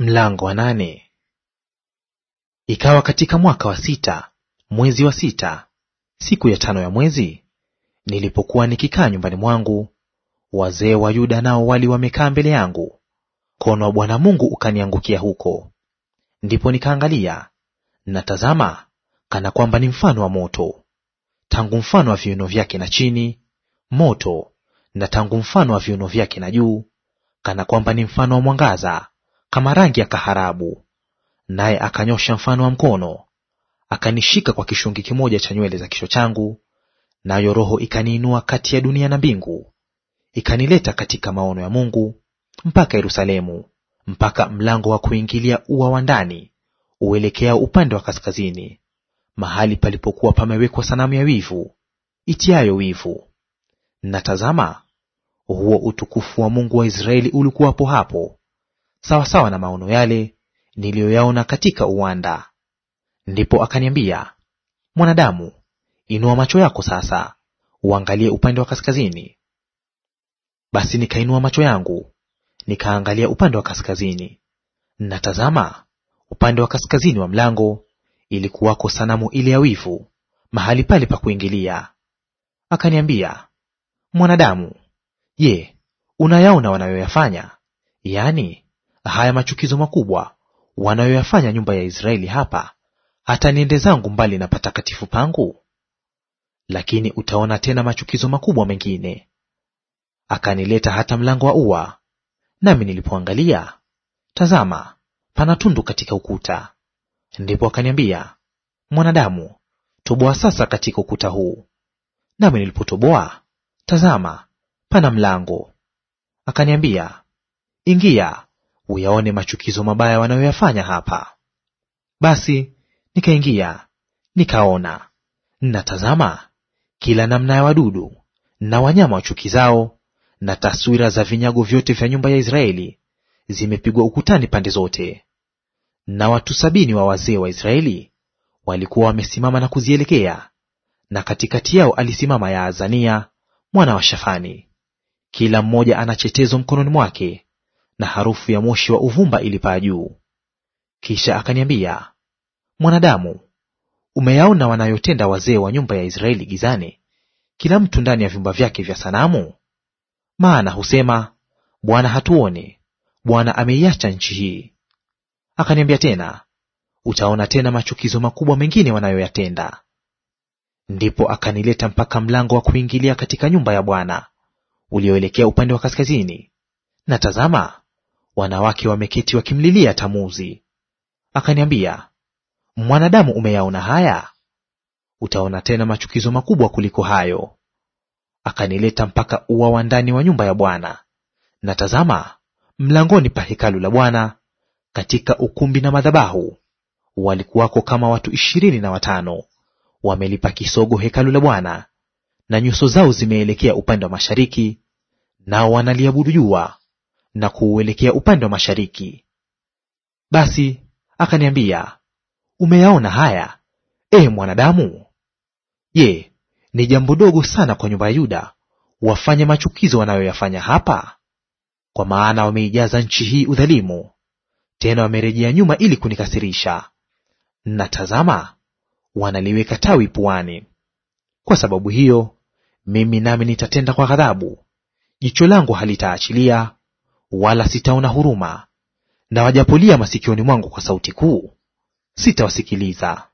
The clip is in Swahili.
Mlango wa nane. Ikawa katika mwaka wa sita mwezi wa sita siku ya tano ya mwezi, nilipokuwa nikikaa nyumbani mwangu, wazee wa Yuda nao wali wamekaa mbele yangu, mkono wa Bwana Mungu ukaniangukia huko. Ndipo nikaangalia, na tazama, kana kwamba ni mfano wa moto, tangu mfano wa viuno vyake na chini moto, na tangu mfano wa viuno vyake na juu, kana kwamba ni mfano wa mwangaza kama rangi ya kaharabu, naye akanyosha mfano wa mkono, akanishika kwa kishungi kimoja cha nywele za kichwa changu, nayo Roho ikaniinua kati ya dunia na mbingu, ikanileta katika maono ya Mungu mpaka Yerusalemu, mpaka mlango wa kuingilia ua wa ndani uelekeao upande wa kaskazini, mahali palipokuwa pamewekwa sanamu ya wivu itiayo wivu. natazama huo utukufu wa Mungu wa Israeli ulikuwapo hapo, sawasawa na maono yale niliyoyaona katika uwanda. Ndipo akaniambia, mwanadamu, inua macho yako sasa, uangalie upande wa kaskazini. Basi nikainua macho yangu nikaangalia upande wa kaskazini, na tazama, upande wa kaskazini wa mlango ilikuwako sanamu ile ya wivu mahali pale pa kuingilia. Akaniambia, mwanadamu, je, unayaona wanayoyafanya, yaani haya machukizo makubwa wanayoyafanya nyumba ya Israeli hapa, hata niende zangu mbali na patakatifu pangu? Lakini utaona tena machukizo makubwa mengine. Akanileta hata mlango wa ua, nami nilipoangalia, tazama, pana tundu katika ukuta. Ndipo akaniambia, mwanadamu, toboa sasa katika ukuta huu. Nami nilipotoboa, tazama, pana mlango. Akaniambia, ingia uyaone machukizo mabaya wanayoyafanya hapa. Basi nikaingia nikaona, natazama kila namna ya wadudu na wanyama wachukizao na taswira za vinyago vyote vya nyumba ya Israeli zimepigwa ukutani pande zote. Na watu sabini wa wazee wa Israeli walikuwa wamesimama na kuzielekea, na katikati yao alisimama Yaazania mwana wa Shafani, kila mmoja ana chetezo mkononi mwake na harufu ya moshi wa uvumba ilipaa juu. Kisha akaniambia, mwanadamu, umeyaona wanayotenda wazee wa nyumba ya Israeli gizani, kila mtu ndani ya vyumba vyake vya sanamu? Maana husema Bwana hatuoni, Bwana ameiacha nchi hii. Akaniambia tena, utaona tena machukizo makubwa mengine wanayoyatenda. Ndipo akanileta mpaka mlango wa kuingilia katika nyumba ya Bwana ulioelekea upande wa kaskazini, na tazama, wanawake wameketi wakimlilia Tamuzi. Akaniambia, mwanadamu, umeyaona haya? Utaona tena machukizo makubwa kuliko hayo. Akanileta mpaka ua wa ndani wa nyumba ya Bwana, na tazama, mlangoni pa hekalu la Bwana katika ukumbi na madhabahu walikuwako kama watu ishirini na watano wamelipa kisogo hekalu la Bwana, na nyuso zao zimeelekea upande wa mashariki, nao wanaliabudu jua na kuuelekea upande wa mashariki. Basi akaniambia, umeyaona haya, e mwanadamu? Je, ni jambo dogo sana kwa nyumba ya Yuda wafanye machukizo wanayoyafanya hapa? Kwa maana wameijaza nchi hii udhalimu, tena wamerejea nyuma ili kunikasirisha. Na tazama, wanaliweka tawi puani. Kwa sababu hiyo mimi nami nitatenda kwa ghadhabu, jicho langu halitaachilia wala sitaona huruma, na wajapolia masikioni mwangu kwa sauti kuu, sitawasikiliza.